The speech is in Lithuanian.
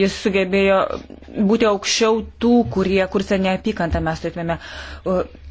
jis sugebėjo būti aukščiau tų, kurie kursė neapykantą, mes turėtumėme uh,